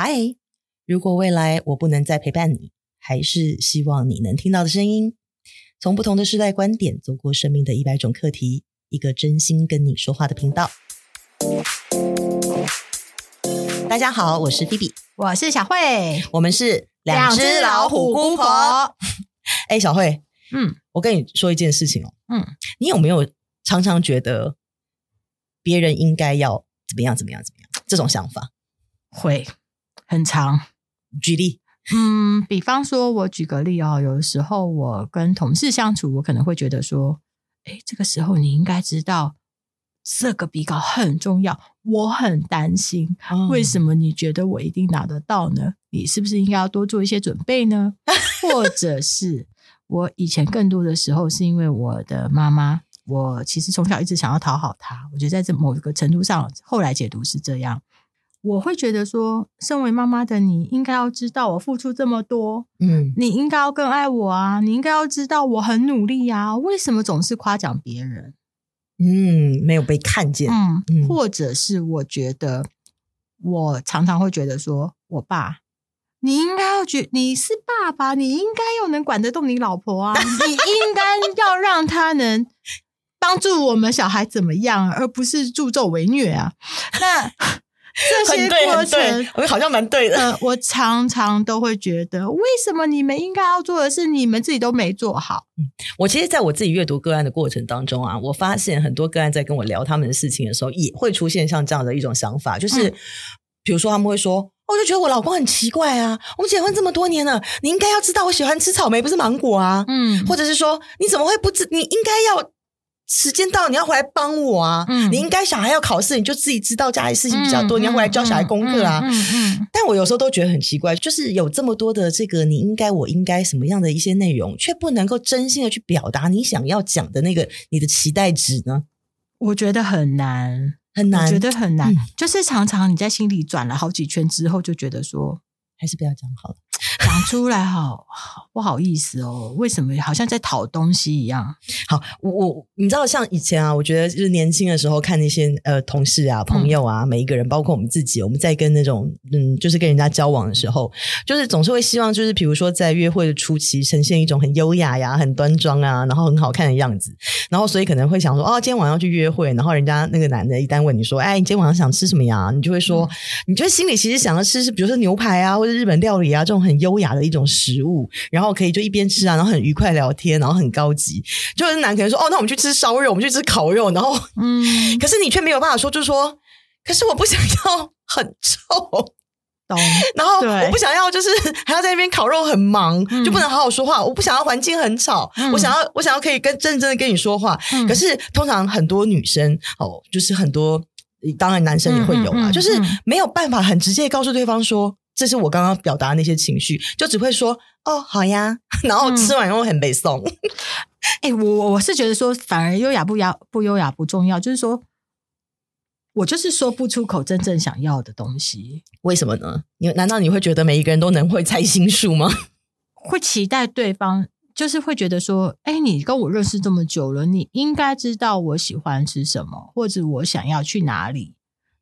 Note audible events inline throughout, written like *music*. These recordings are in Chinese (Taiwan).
嗨，如果未來我不能再陪伴你，還是希望你能聽到的聲音。從不同的世代觀點，走過生命的一百種課題，一個真心跟你說話的頻道。大家好，我是 Bibi，我是小慧，我們是兩隻老虎姑婆。哎， *laughs* 欸、小慧，嗯，我跟你說一件事情哦，嗯，你有沒有常常覺得別人應該要怎麼樣，怎麼樣，怎麼樣？這種想法會。很長，舉例，嗯，比方說，我舉個例哦，有的時候我跟同事相處，我可能會覺得說，誒，這個時候你應該知道這個比稿很重要，我很擔心、嗯，為什麼你覺得我一定拿得到呢？你是不是應該要多做一些準備呢？ *laughs* 或者是我以前更多的時候是因為我的媽媽，我其實從小一直想要討好她，我覺得在這某一個程度上，後來解讀是這樣。我會覺得說，身為媽媽的你應該要知道我付出這麼多，嗯，你應該要更愛我啊！你應該要知道我很努力呀，啊，為什麼總是誇獎別人？嗯，沒有被看見。嗯，或者是我覺得，我常常會覺得說，我爸，你應該要覺你是爸爸，你應該又能管得動你老婆啊， *laughs* 你應該要讓她能幫助我們小孩怎麼樣，而不是助紂為虐啊。 *laughs* 那。這些過程，我好像蠻對的、呃。我常常都會覺得，為什麼你們應該要做的事，你們自己都沒做好。嗯、我其實，在我自己閱讀個案的過程當中啊，我發現很多個案在跟我聊他們的事情的時候，也會出現像這樣的一種想法，就是、嗯，比如說他們會說，我就覺得我老公很奇怪啊，我們結婚這麼多年了，你應該要知道我喜歡吃草莓，不是芒果啊，嗯，或者是說，你怎麼會不知？你應該要。時間到，你要回來幫我啊！嗯、你應該小孩要考試，你就自己知道家裡事情比較多，嗯、你要回來教小孩功課啊、嗯嗯嗯嗯嗯。但我有時候都覺得很奇怪，就是有這麼多的這個你應該我應該什麼樣的一些內容，卻不能夠真心的去表達你想要講的那個你的期待值呢？我覺得很難，很難，我覺得很難、嗯。就是常常你在心裡轉了好幾圈之後，就覺得說，還是不要講好了。講出來好、哦、不好意思哦，為什麼好像在討東西一樣？好，我我你知道，像以前啊，我覺得就是年輕的時候看那些呃同事啊、朋友啊、嗯，每一個人，包括我們自己，我們在跟那種嗯，就是跟人家交往的時候，嗯、就是總是會希望，就是比如說在約會的初期，呈現一種很優雅呀、很端莊啊，然後很好看的樣子，然後所以可能會想說，哦，今天晚上要去約會，然後人家那個男的一旦問你說，哎，你今天晚上想吃什麼呀？你就會說，嗯、你就心裡其實想要吃是比如說牛排啊，或者日本料理啊，這種很優。優雅的一種食物，然後可以就一邊吃啊，然後很愉快聊天，然後很高級。就是男可能說：“哦，那我們去吃燒肉，我們去吃烤肉。”然後，嗯，可是你卻沒有辦法說，就是說，可是我不想要很臭，懂、嗯？然後我不想要，就是還要在那邊烤肉很忙、嗯，就不能好好說話。我不想要環境很吵，嗯、我想要我想要可以跟認真的跟你說話。嗯、可是通常很多女生哦，就是很多，當然男生也會有嘛、啊嗯嗯嗯嗯嗯嗯，就是沒有辦法很直接的告訴對方說。這是我剛剛表達的那些情緒，就只會說哦好呀，然後吃完又很被送。哎，我我是覺得說，反而優雅不雅不優雅不重要，就是說我就是說不出口真正想要的東西，為什麼呢？你難道你會覺得每一個人都能會猜心術嗎？會期待對方，就是會覺得說，哎、欸，你跟我認識這麼久了，你應該知道我喜歡吃什麼，或者我想要去哪裡。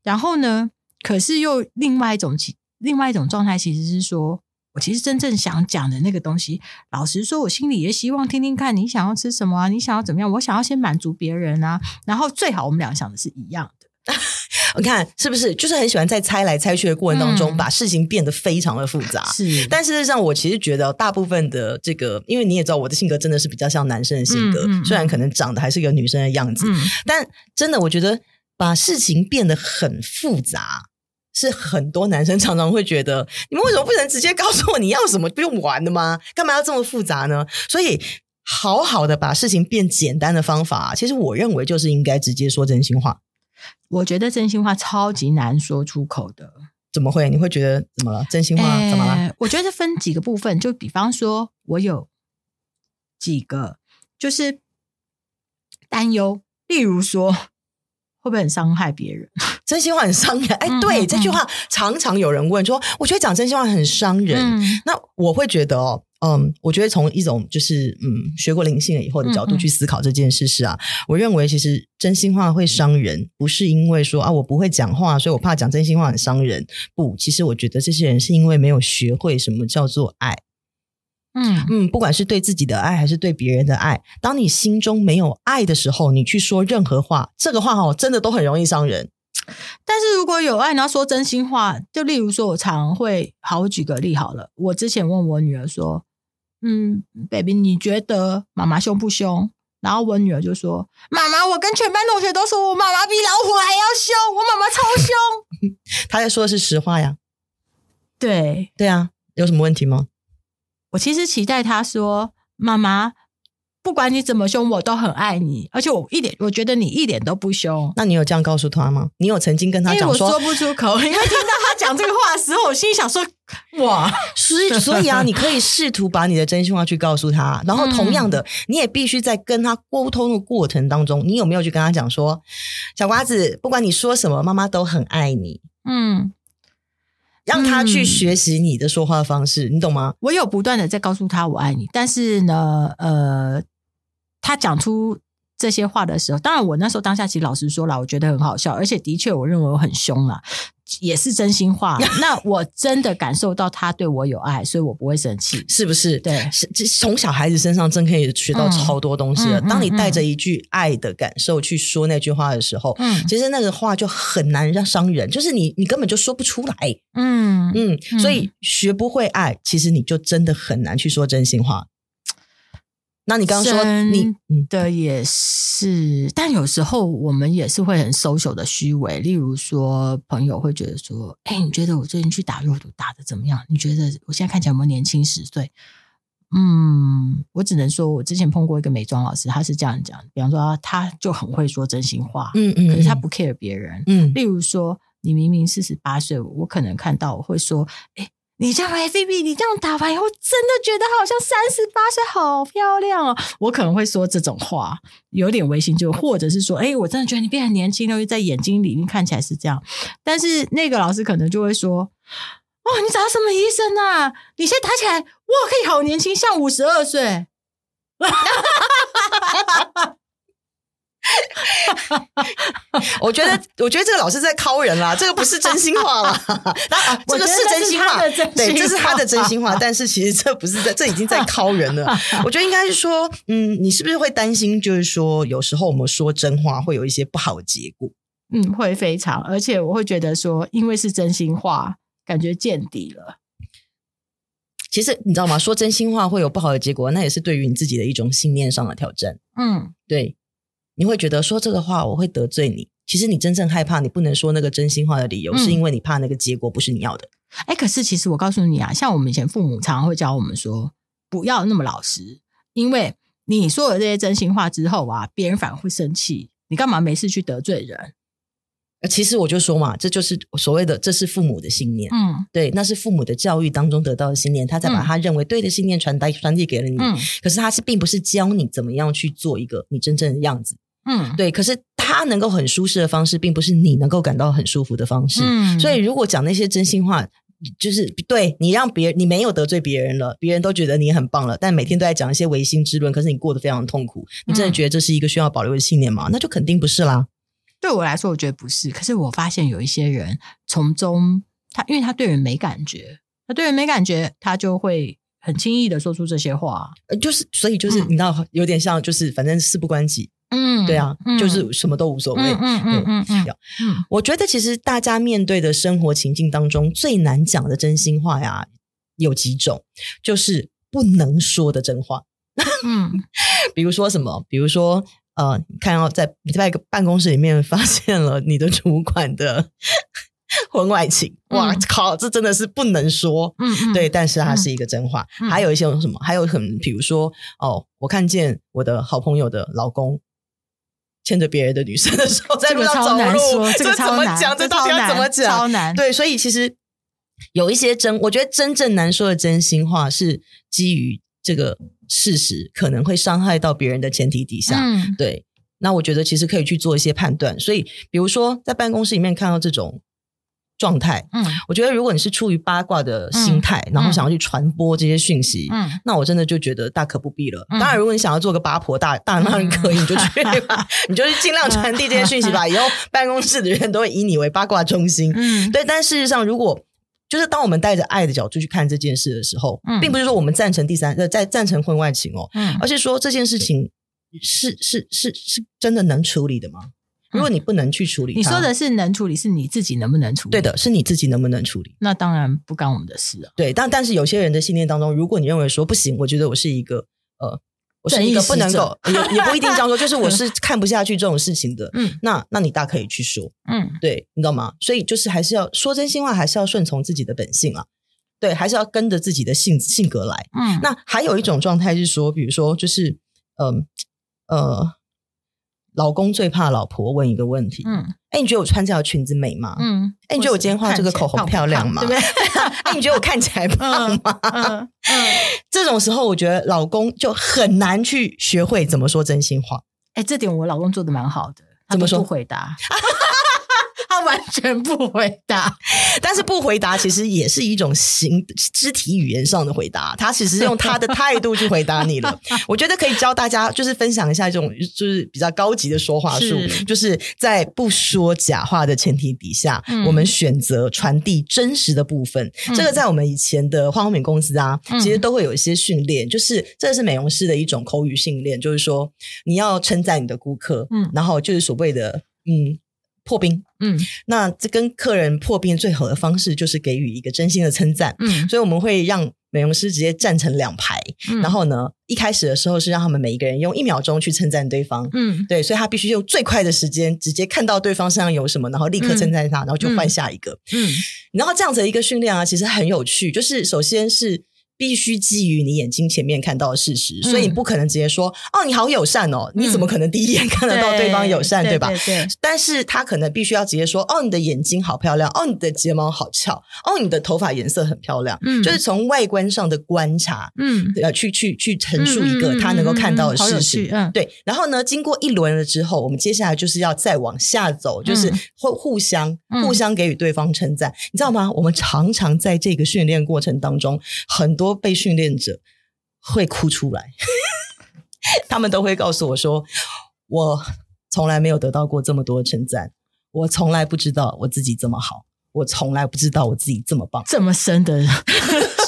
然後呢，可是又另外一種情。另外一種狀態其實是說，我其實真正想講的那個東西。老實說，我心裡也希望聽聽看，你想要吃什麼啊？你想要怎麼樣？我想要先滿足別人啊，然後最好我們兩個想的是一樣的。 *laughs* 我看是不是？就是很喜歡在猜來猜去的過程當中，嗯、把事情變得非常的複雜。是，但事實上，我其實覺得大部分的這個，因為你也知道，我的性格真的是比較像男生的性格。嗯嗯、雖然可能長得還是一個女生的樣子，嗯、但真的，我覺得把事情變得很複雜。是很多男生常常會覺得，你們為什麼不能直接告訴我你要什麼，不用玩的嗎？幹嘛要這麼複雜呢？所以，好好的把事情變簡單的方法，其實我認為就是應該直接說真心話。我覺得真心話超級難說出口的。怎麼會？你會覺得怎麼了？真心話、欸、怎麼了？我覺得是分幾個部分，就比方說我有幾個就是擔憂，例如說。會不會很傷害別人？真心話很傷人。哎、欸，對，嗯嗯嗯，這句話常常有人問說，我覺得講真心話很傷人。嗯。那我會覺得哦，嗯，我覺得從一種就是嗯，學過靈性了以後的角度去思考這件事是啊，嗯嗯，我認為其實真心話會傷人，不是因為說啊我不會講話，所以我怕講真心話很傷人。不，其實我覺得這些人是因為沒有學會什麼叫做愛。嗯嗯，不管是對自己的愛還是對別人的愛，當你心中沒有愛的時候，你去說任何話，這個話好、哦、真的都很容易傷人。但是如果有愛，你要說真心話，就例如說，我常會好舉個例好了。我之前問我女兒說：“嗯，baby，你覺得媽媽凶不凶？”然後我女兒就說：“媽媽，我跟全班同學都說我媽媽比老虎還要凶，我媽媽超凶。 *laughs* ”他在說的是實話呀，對對啊，有什麼問題嗎？我其實期待他說：“媽媽，不管你怎麼凶，我都很愛你。而且我一點，我覺得你一點都不凶。”那你有這樣告訴他嗎？你有曾經跟他講說？因為我說不出口， *laughs* 因為聽到他講這個話的時候，我心裡想說：“哇，所 *laughs* 以所以啊，你可以試圖把你的真心話去告訴他。然後同樣的，嗯、你也必須在跟他溝通的過程當中，你有沒有去跟他講說：小瓜子，不管你說什麼，媽媽都很愛你。”嗯。讓他去學習你的說話方式，嗯，你懂嗎？我有不斷的在告訴他我愛你，但是呢，呃，他講出這些話的時候，當然我那時候當下其實老實說了，我覺得很好笑，而且的確我認為我很兇了，也是真心話那。那我真的感受到他對我有愛，所以我不會生氣，是不是？對，是從小孩子身上真可以學到超多東西了，嗯嗯嗯嗯。當你帶着一句愛的感受去說那句話的時候，嗯，其實那個話就很難讓傷人，就是你你根本就說不出來，嗯嗯，所以學不會愛，其實你就真的很難去說真心話。那你剛剛說你的也是、嗯，但有時候我們也是會很 social 的虛偽，例如說朋友會覺得說，哎，你覺得我最近去打肉毒打得怎麼樣？你覺得我現在看起來有沒有年輕十歲？嗯，我只能說，我之前碰過一個美妝老師，他是這樣講，比方說他就很會說真心話，嗯嗯，可是他不 care 別人，嗯，例如說你明明四十八歲我，我可能看到我會說，哎。你這樣 A B B，你這樣打完以後，我真的覺得好像三十八歲好漂亮哦。我可能會說這種話，有點違心就，就或者是說，哎、欸，我真的覺得你變得年輕，因為在眼睛裡面看起來是這樣。但是那個老師可能就會說，哦，你找什麼醫生吶、啊？你現在打起來，哇，可以好年輕，像五十二歲。 *laughs* *laughs* *laughs* 我，覺得 *laughs* 我覺得，我覺得這個老師在考人啦，這個不是真心話了、 *laughs* *laughs* 啊。這個是，真心，是真心話，對，這是他的真心話。 *laughs* 但是，其實這不是在，這已經在考人了。我覺得應該是說，嗯，你是不是會擔心？就是說，有時候我們說真話會有一些不好的結果。嗯，會非常。而且，我會覺得說，因為是真心話，感覺見底了。其實，你知道嗎？說真心話會有不好的結果，那也是對於你自己的一種信念上的挑戰。嗯，對。你會覺得說這個話我會得罪你，其實你真正害怕你不能說那個真心話的理由，嗯、是因為你怕那個結果不是你要的。哎，可是其實我告訴你啊，像我們以前父母常常會教我們說不要那麼老實，因為你說了這些真心話之後啊，別人反而會生氣。你幹嘛沒事去得罪人？其實我就說嘛，這就是所謂的這是父母的信念。嗯，對，那是父母的教育當中得到的信念，他在把他認為對的信念傳達、嗯、傳遞給了你。嗯、可是他是並不是教你怎麼樣去做一個你真正的樣子。嗯，對。可是他能夠很舒適的方式，並不是你能夠感到很舒服的方式。嗯，所以如果講那些真心話，就是對你讓別人你沒有得罪別人了，別人都覺得你很棒了。但每天都在講一些違心之論，可是你過得非常痛苦。你真的覺得這是一個需要保留的信念嗎？嗯、那就肯定不是啦。對我來說，我覺得不是。可是我發現有一些人從中，他因為他對人沒感覺，他對人沒感覺，他就會很輕易的說出這些話。就是所以就是、嗯、你知道，有點像就是反正事不關己。嗯，對啊，就是什麼都無所謂，嗯、啊、嗯嗯，嗯我覺得其實大家面對的生活情境當中最難講的真心話呀，有幾種，就是不能說的真話。嗯， *laughs* 比如說什麼？比如說呃，看到在在辦公室裡面發現了你的主管的婚 *laughs* 外情，哇靠、嗯，這真的是不能說。嗯，對，但是它是一個真話。嗯、還有一些有什麼？還有很比如說哦，我看見我的好朋友的老公。牽着別人的女生的手，在路上走路。這，這、就是、怎麼講、這個？這到底要怎麼講超？超難。對，所以其實有一些真，我覺得真正難說的真心話是基於這個事實，可能會傷害到別人的前提底下。嗯，對。那我覺得其實可以去做一些判斷。所以，比如說在辦公室裡面看到這種，.狀態，嗯，我覺得如果你是出於八卦的心態、嗯，然後想要去傳播這些訊息，嗯，那我真的就覺得大可不必了。嗯、當然，如果你想要做個八婆大大，大那然可以、嗯，你就去吧， *laughs* 你就是盡量傳遞這些訊息吧、嗯。以後辦公室的人都會以你為八卦中心，嗯，對。但事實上，如果就是當我們帶着愛的角度去看這件事的時候，嗯、並不是說我們贊成第三呃，在贊成婚外情哦，嗯，而是說這件事情是是是是，是真的能處理的嗎？如果你不能去處理，你說的是能處理，是你自己能不能處理？對的，是你自己能不能處理？那當然不干我們的事啊。對，但但是有些人的信念當中，如果你認為說不行，我覺得我是一個呃，我是一個不能夠， *laughs* 也也不一定這樣說，就是我是看不下去這種事情的。嗯， *laughs* 那那你大可以去說，嗯，對，你知道嗎？所以就是還是要說真心話，還是要順從自己的本性啊。對，還是要跟着自己的性性格來。嗯，那還有一種狀態是說，比如說就是呃呃。呃嗯老公最怕老婆問一個問題：嗯，哎，你覺得我穿這條裙子美嗎？嗯，哎，你覺得我今天畫這個口紅漂亮嗎？胖不胖，對不對？ *laughs* 誒，你覺得我看起來胖嗎？嗯，嗯嗯這種時候，我覺得老公就很難去學會怎麼說真心話。哎，這點我老公做的蠻好的，他不回答。 *laughs* 他完全不回答，但是不回答其實也是一種形肢體語言上的回答。他其實是用他的態度去回答你了。 *laughs* 我覺得可以教大家，就是分享一下這種就是比較高級的說話術，是就是在不說假話的前提底下，嗯、我們選擇傳遞真實的部分。嗯、這個在我們以前的化妝品公司啊、嗯，其實都會有一些訓練，就是這是美容師的一種口語訓練，就是說你要稱讚你的顧客，嗯，然後就是所謂的嗯。破冰，嗯，那這跟客人破冰最好的方式就是給予一個真心的稱讚，嗯，所以我們會讓美容師直接站成兩排，嗯，然後呢，一開始的時候是讓他們每一個人用一秒鐘去稱讚對方，嗯，對，所以他必須用最快的時間直接看到對方身上有什麼，然後立刻稱讚他，嗯，然後就換下一個，嗯，嗯，然後這樣子的一個訓練啊，其實很有趣，就是首先是。必須基於你眼睛前面看到的事實，嗯、所以你不可能直接說哦，你好友善哦、嗯，你怎麼可能第一眼看得到對方友善對,對吧？對,對,對。但是他可能必須要直接說哦，你的眼睛好漂亮哦，你的睫毛好翹哦，你的頭髮顏色很漂亮，嗯、就是從外觀上的觀察，嗯，呃，去去去陳述一個他能夠看到的事實，嗯、啊，對。然後呢，經過一輪了之後，我們接下來就是要再往下走，嗯、就是互相互相給予對方稱讚、嗯，你知道嗎？我們常常在這個訓練過程當中很多。被訓練者會哭出來， *laughs* 他們都會告訴我說：“我從來沒有得到過這麼多的稱讚，我從來不知道我自己這麼好，我從來不知道我自己這麼棒，這麼深的。 *laughs* ”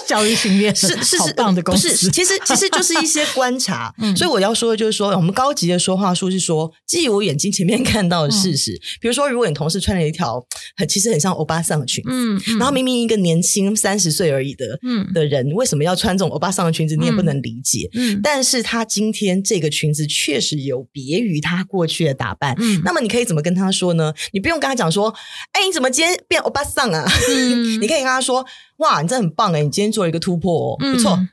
教育訓練是是是、呃，不是？其實其實就是一些觀察、 *laughs* 嗯。所以我要說的就是說，我們高級的說話術是說，基於我眼睛前面看到的事實。比、嗯、如說，如果你同事穿了一條很其實很像歐巴桑的裙子嗯，嗯，然後明明一個年輕三十歲而已的，嗯，的人為什麼要穿這種歐巴桑的裙子，你也不能理解嗯，嗯。但是他今天這個裙子確實有別於他過去的打扮，嗯。那麼你可以怎麼跟他說呢？你不用跟他講說，哎、欸，你怎麼今天變歐巴桑啊？嗯、 *laughs* 你可以跟他說。哇，你真很棒哎、欸！你今天做了一個突破哦，哦、嗯，不錯，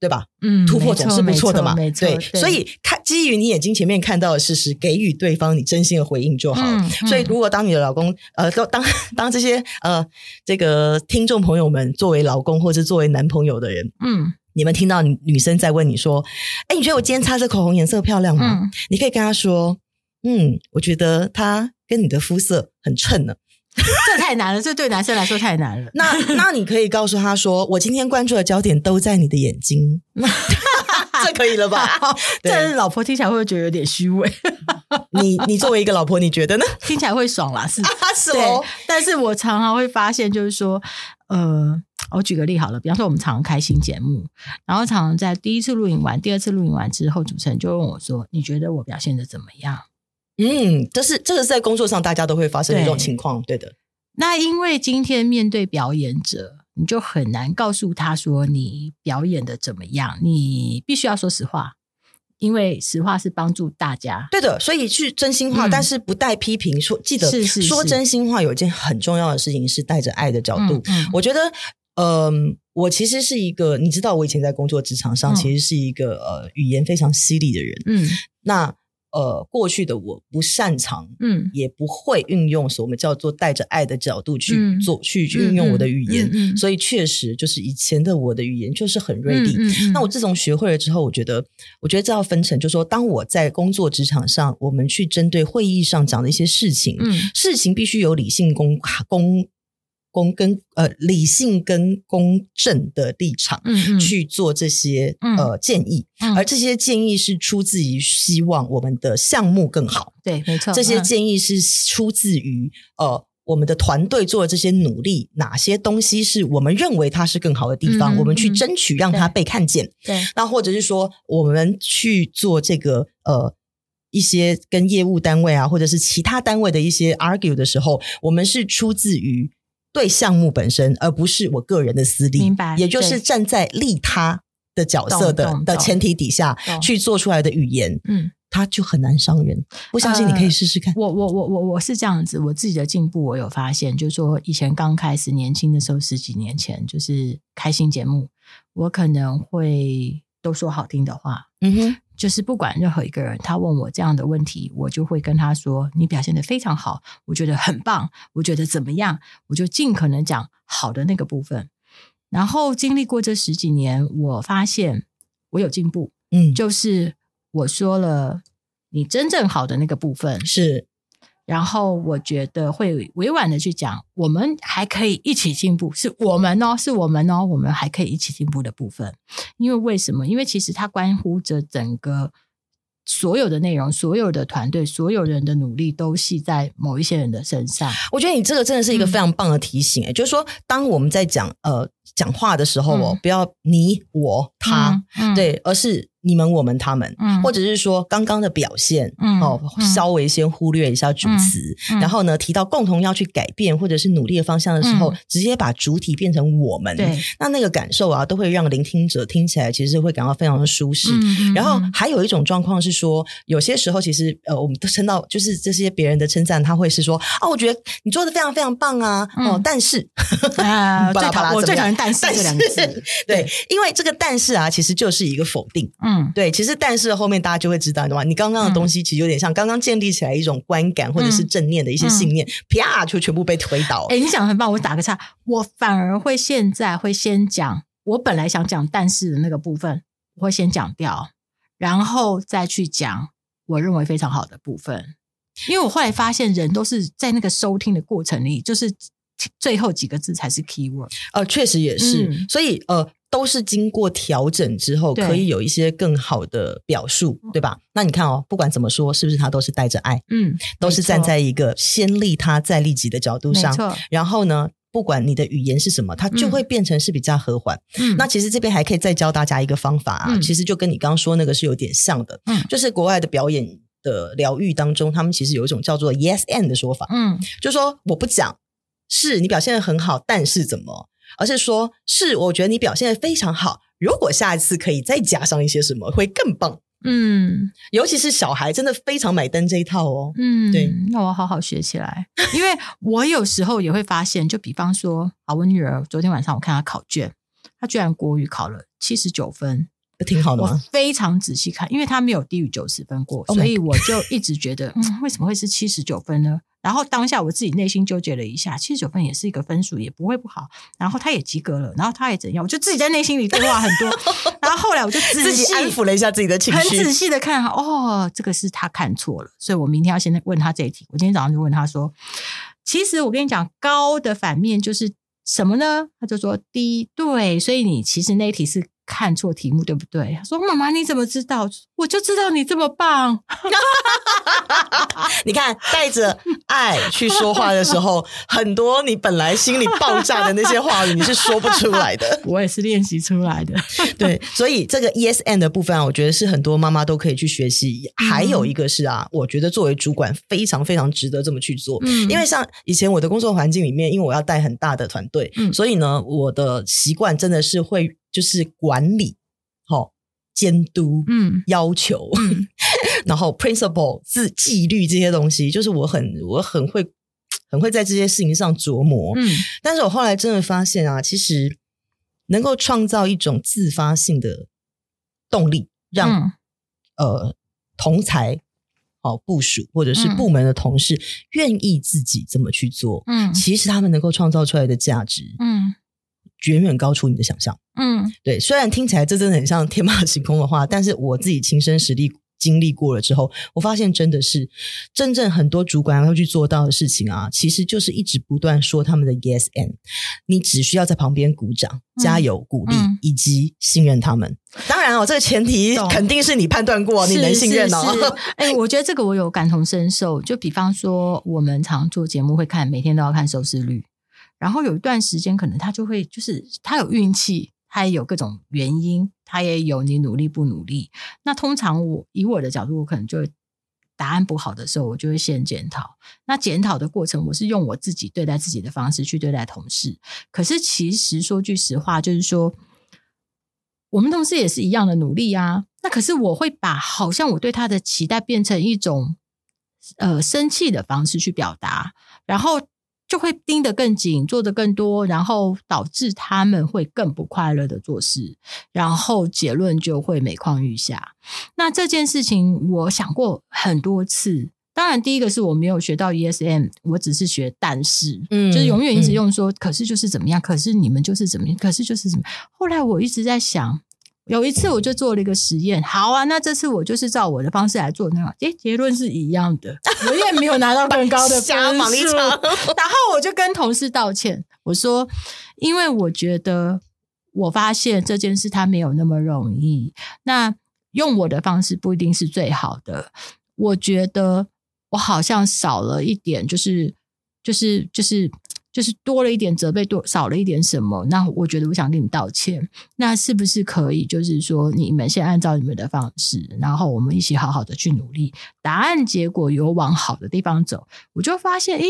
對吧？嗯，突破總是不錯的嘛。沒錯沒錯沒錯對，對，所以看基於你眼睛前面看到的事實，給予對方你真心的回應就好、嗯。所以，如果當你的老公，呃，當當，當這些呃，這個聽眾朋友們作為老公或者作為男朋友的人，嗯，你們聽到女生在問你說：“哎、欸，你覺得我今天擦這口紅顏色漂亮嗎？”嗯、你可以跟他說：“嗯，我覺得它跟你的膚色很襯呢、啊。” *laughs* 這太難了，這對男生來說太難了。 *laughs* 那那你可以告訴他說，我今天關注的焦點都在你的眼睛， *laughs* 這可以了吧？這 *laughs* 老婆聽起來會不會覺得有點虛偽？ *laughs* 你你作為一個老婆，你覺得呢？聽起來會爽啦，是是嘍。 *laughs* 但是我常常會發現，就是說，呃，我舉個例好了，比方說我們常常開新節目，然後常常在第一次錄影完，第二次錄影完之後，主持人就問我說：“你覺得我表現得怎麼樣？”嗯，這是這個在工作上大家都會發生的一種情況對，對的。那因為今天面對表演者，你就很難告訴他說你表演得怎麼樣，你必須要說實話，因為實話是幫助大家。對的，所以是真心話、嗯，但是不帶批評。說記得是是是說真心話，有一件很重要的事情是帶着愛的角度。嗯嗯我覺得，嗯、呃，我其實是一個，你知道，我以前在工作職場上、嗯、其實是一個呃語言非常犀利的人。嗯，那。呃，過去的我不擅長，嗯，也不會運用所我們叫做帶着愛的角度去做，嗯、去去運用我的語言、嗯嗯嗯，所以確實就是以前的我的語言就是很銳利、嗯嗯嗯。那我自從學會了之後，我覺得，我覺得這要分成就說，當我在工作職場上，我們去針對會議上講的一些事情，嗯、事情必須有理性公公。公跟呃理性跟公正的立場，嗯，去做這些、嗯、呃建議，而這些建議是出自於希望我們的項目更好，對，沒錯。這些建議是出自於、嗯、呃我們的團隊做的這些努力，哪些東西是我們認為它是更好的地方，嗯、我們去爭取讓它被看見，對，對。那或者是說，我們去做這個呃一些跟業務單位啊，或者是其他單位的一些 argue 的時候，我們是出自於。對項目本身，而不是我個人的私利，明白？也就是站在利他的角色的的前提底下去做出來的語言，嗯，他就很難傷人。我相信你可以試試看。呃、我我我我我是這樣子，我自己的進步，我有發現，就是說以前剛開始年輕的時候，十幾年前，就是開心節目，我可能會都說好聽的話，嗯哼。就是不管任何一個人，他問我這樣的問題，我就會跟他說：“你表現得非常好，我覺得很棒，我覺得怎麼樣？”我就盡可能講好的那個部分。然後經歷過這十幾年，我發現我有進步。嗯，就是我說了你真正好的那個部分是。然後我覺得會委婉的去講，我們還可以一起進步，是我們哦，是我們哦，我們還可以一起進步的部分。因為為什麼？因為其實它關乎着整個所有的內容、所有的團隊、所有人的努力都繫在某一些人的身上。我覺得你這個真的是一個非常棒的提醒，欸，哎，嗯，就是說當我們在講呃。講話的時候哦、嗯，不要你、我、他、嗯嗯，對，而是你們、我們、他們，嗯、或者是說剛剛的表現，嗯、哦、嗯，稍微先忽略一下主詞、嗯嗯，然後呢，提到共同要去改變或者是努力的方向的時候，嗯、直接把主體變成我們、嗯對，那那個感受啊，都會讓聆聽者聽起來其實會感到非常的舒適、嗯嗯。然後還有一種狀況是說，有些時候其實呃，我們都聽到就是這些別人的稱讚，他會是說啊，我覺得你做的非常非常棒啊，嗯、哦，但是最討、啊、 *laughs* 我最討厭。但是這兩個字但是對，對，因為這個但是啊，其實就是一個否定。嗯，對，其實但是後面大家就會知道的話，你剛剛的東西其實有點像剛剛建立起來一種觀感或者是正念的一些信念，嗯嗯、啪呀就全部被推倒了。誒、欸，你講的很棒，我打個岔，我反而會現在會先講，我本來想講但是的那個部分，我會先講掉，然後再去講我認為非常好的部分，因為我後來發現人都是在那個收聽的過程裡，就是。最後幾個字才是 keyword，呃，確實也是，嗯、所以呃，都是經過調整之後，可以有一些更好的表述對，對吧？那你看哦，不管怎麼說，是不是他都是帶着愛，嗯，都是站在一個先利他再利己的角度上。然後呢，不管你的語言是什麼，它就會變成是比較和緩、嗯。那其實這邊還可以再教大家一個方法啊、嗯，其實就跟你剛剛說那個是有點像的，嗯，就是國外的表演的療癒當中，他們其實有一種叫做 yes and 的說法，嗯，就說我不講。是你表現得很好，但是怎麼？而是說，是我覺得你表現得非常好。如果下一次可以再加上一些什麼，會更棒。嗯，尤其是小孩真的非常買單這一套哦。嗯，對，那我好好學起來。 *laughs* 因為我有時候也會發現，就比方說，啊，我女兒昨天晚上我看她考卷，她居然國語考了七十九分。不挺好的嗎？我非常仔細看，因為他沒有低於九十分過、oh，所以我就一直覺得，嗯、為什麼會是七十九分呢？然後當下我自己內心糾結了一下，七十九分也是一個分數，也不會不好。然後他也及格了，然後他也怎樣？我就自己在內心裡對話很多。 *laughs* 然後後來我就仔細自己安撫了一下自己的情緒，很仔細的看，哦，這個是他看錯了，所以我明天要先問他這一題。我今天早上就問他說：其實我跟你講，“高”的反面就是什麼呢？他就說：“低。”對，所以你其實那一題是。看錯題目對不對？說媽媽，你怎麼知道？我就知道你這麼棒。 *laughs* *laughs* 你看帶着愛去說話的時候， *laughs* 很多你本來心裡爆炸的那些話語，你是說不出來的。 *laughs* 我也是練習出來的。 *laughs* 對，所以這個 ESN 的部分啊，我覺得是很多媽媽都可以去學習。嗯。還有一個是啊，我覺得作為主管非常非常值得這麼去做。嗯。因為像以前我的工作環境裡面，因為我要帶很大的團隊，嗯，所以呢，我的習慣真的是會。就是管理、好、哦、監督、嗯，要求， *laughs* 然後 principle 自紀律這些東西，就是我很我很會很會在這些事情上琢磨，嗯，但是我後來真的發現啊，其實能夠創造一種自發性的動力，讓、嗯、呃同才哦部署或者是部門的同事願意自己這麼去做，嗯，其實他們能夠創造出來的價值，嗯，遠遠高出你的想象。嗯，對，雖然聽起來這真的很像天馬行空的話，但是我自己親身實力經歷過了之後，我發現真的是真正很多主管要去做到的事情啊，其實就是一直不斷說他們的 yes and，你只需要在旁邊鼓掌、加油、鼓勵、嗯、以及信任他們。當然哦，這個前提肯定是你判斷過，你能信任哦。哎、 *laughs* 欸，我覺得這個我有感同身受。就比方說，我們常做節目會看每天都要看收視率，然後有一段時間可能他就會就是他有運氣。他也有各種原因，他也有你努力不努力。那通常我以我的角度，我可能就答案不好的時候，我就會先檢討。那檢討的過程，我是用我自己對待自己的方式去對待同事。可是其實說句實話，就是說我們同事也是一樣的努力呀啊，那可是我會把好像我對他的期待變成一種呃生氣的方式去表達，然後。就會盯得更緊，做得更多，然後導致他們會更不快樂的做事，然後結論就會每況愈下。那這件事情，我想過很多次。當然，第一個是我沒有學到 ESM，我只是學，但是，嗯，就是永遠一直用說、嗯，可是就是怎麼樣，可是你們就是怎麼樣，可是就是什麼。後來我一直在想。有一次我就做了一個實驗，好啊，那這次我就是照我的方式來做那個，哎，結論是一樣的，我也沒有拿到更高的分數， *laughs* 然後我就跟同事道歉，我說，因為我覺得我發現這件事它沒有那麼容易，那用我的方式不一定是最好的，我覺得我好像少了一點、就是，就是就是就是。就是多了一點責備，多少了一點什麼？那我覺得，我想跟你道歉。那是不是可以？就是說，你們先按照你們的方式，然後我們一起好好的去努力。答案結果有往好的地方走，我就發現，哎，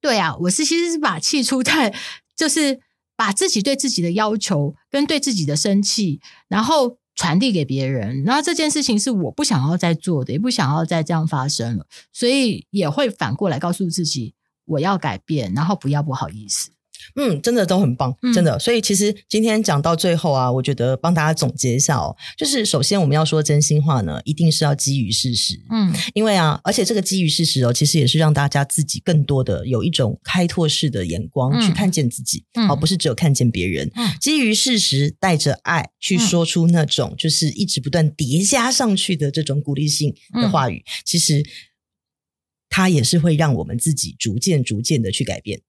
對啊，我是其實是把氣出在，就是把自己對自己的要求跟對自己的生氣，然後傳遞給別人。然後這件事情是我不想要再做的，也不想要再這樣發生了，所以也會反過來告訴自己。我要改變，然後不要不好意思。嗯，真的都很棒，真的。嗯、所以其實今天講到最後啊，我覺得幫大家總結一下哦、喔，就是首先我們要說真心話呢，一定是要基於事實。嗯，因為啊，而且這個基於事實哦、喔，其實也是讓大家自己更多的有一種開拓式的眼光、嗯、去看見自己、嗯，而不是只有看見別人。基於事實，帶着愛去說出那種就是一直不斷疊加上去的這種鼓勵性的話語，嗯、其實。他也是會讓我們自己逐漸、逐漸的去改變。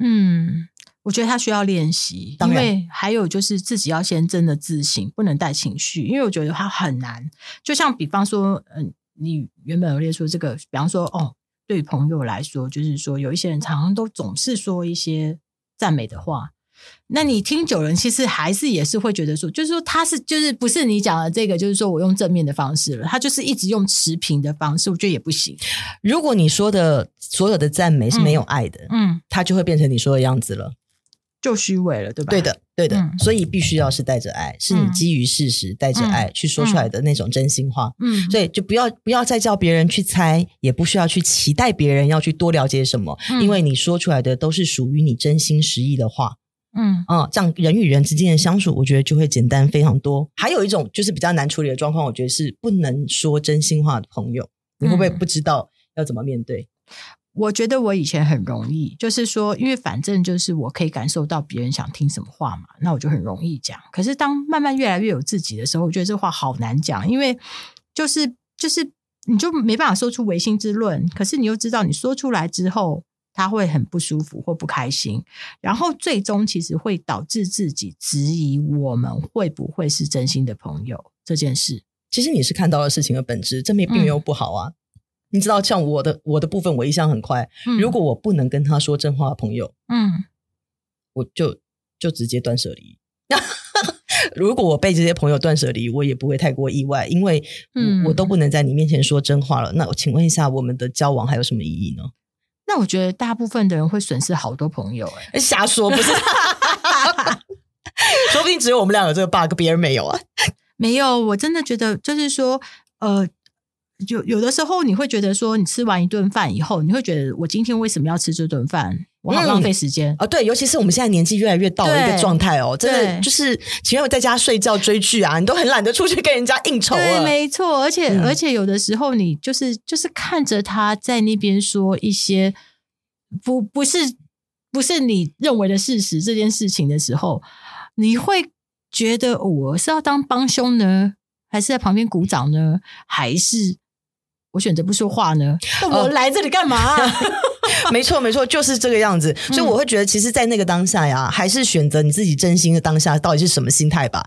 嗯，我覺得他需要練習，當然。因為還有就是自己要先真的自省，不能帶情緒。因為我覺得他很難。就像比方說，嗯、呃，你原本有列出這個，比方說，哦，對朋友來說，就是說有一些人常常都總是說一些讚美的話。那你聽久了，其實還是也是會覺得說，就是說他是就是不是你講的這個，就是說我用正面的方式了，他就是一直用持平的方式，我覺得也不行。如果你說的所有的讚美是沒有愛的，嗯，嗯，他就會變成你說的樣子了，就虛偽了，對吧？對的，對的。嗯，所以必須要是帶着愛，嗯，是你基於事實帶着愛，嗯，去說出來的那種真心話。嗯，嗯，所以就不要不要再叫別人去猜，嗯，也不需要去期待別人要去多了解什麼，嗯，因為你說出來的都是屬於你真心實意的話。嗯啊，嗯、這樣人與人之間的相處，我覺得就會簡單非常多。還有一種就是比較難處理的狀況，我覺得是不能說真心話的朋友，你會不會不知道要怎麼面對？嗯、我覺得我以前很容易，就是說，因為反正就是我可以感受到別人想聽什麼話嘛，那我就很容易講。可是當慢慢越來越有自己的時候，我覺得這話好難講，因為就是就是你就沒辦法說出違心之論，可是你又知道你說出來之後。他會很不舒服或不開心，然後最終其實會導致自己質疑，我們會不會是真心的朋友這件事。其實你是看到了事情的本質，正面並沒有不好啊。嗯、你知道，像我的我的部分，我一向很快、嗯。如果我不能跟他說真話的朋友，嗯，我就就直接斷捨離。 *laughs* 如果我被這些朋友斷捨離，我也不會太過意外，因為我，嗯、我都不能在你面前說真話了。那我請問一下，我們的交往還有什麼意義呢？那我覺得大部分的人會，損失好多朋友哎、欸，瞎說不是？ *laughs* *laughs* 說不定只有我們倆有這個 bug，別人沒有啊？沒有，我真的覺得就是說，呃，有有的時候你會覺得說，你吃完一頓飯以後，你會覺得我今天為什麼要吃這頓飯？我好浪費時間啊！嗯哦、對，尤其是我們現在年紀越來越到了一個狀態哦，真的就是，情願我在家睡覺追劇啊，你都很懶得出去跟人家應酬，對，沒錯，而且、嗯、而且有的時候你就是就是看着他在那邊說一些不不是不是你認為的事實這件事情的時候，你會覺得我是要當幫兇呢，還是在旁邊鼓掌呢，還是？我選擇不說話呢？我來這裡幹嘛、啊？哦、 *laughs* 沒錯，沒錯，就是這個樣子。所以我會覺得，其實，在那個當下呀、啊嗯，還是選擇你自己真心的當下，到底是什麼心態吧？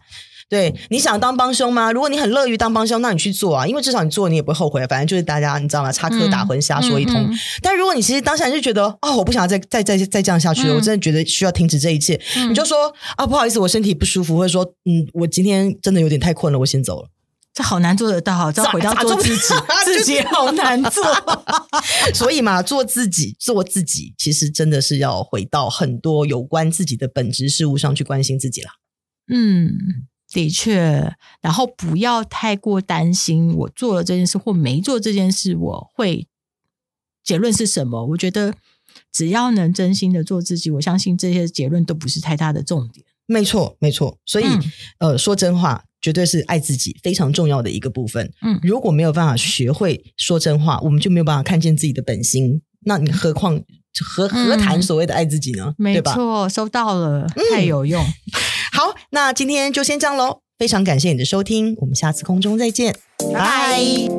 對、嗯，你想當幫兇嗎？如果你很樂於當幫兇，那你去做啊，因為至少你做，你也不會後悔。反正就是大家，你知道嗎？插科打諢，瞎說一通、嗯嗯嗯。但如果你其實當下就覺得，哦，我不想再、再、再、再這樣下去了，嗯、我真的覺得需要停止這一切，嗯、你就說啊，不好意思，我身體不舒服，或者說，嗯，我今天真的有點太困了，我先走了。這好難做得到，這要回到做自己，自己好難做。 *laughs* 所以嘛，做自己，做自己，其實真的是要回到很多有關自己的本質事物上去關心自己了。嗯，的確。然後不要太過擔心我做了這件事或沒做這件事，我會結論是什麼？我覺得只要能真心的做自己，我相信這些結論都不是太大的重點。沒錯，沒錯。所以，嗯、呃，說真話。絕對是愛自己非常重要的一個部分。嗯，如果沒有辦法學會說真話、嗯，我們就沒有辦法看見自己的本心。那你何況何何談所謂的愛自己呢？嗯、對吧？沒錯，收到了，嗯、太有用。 *laughs* 好，那今天就先這樣嘍。非常感謝你的收聽，我們下次空中再見，拜。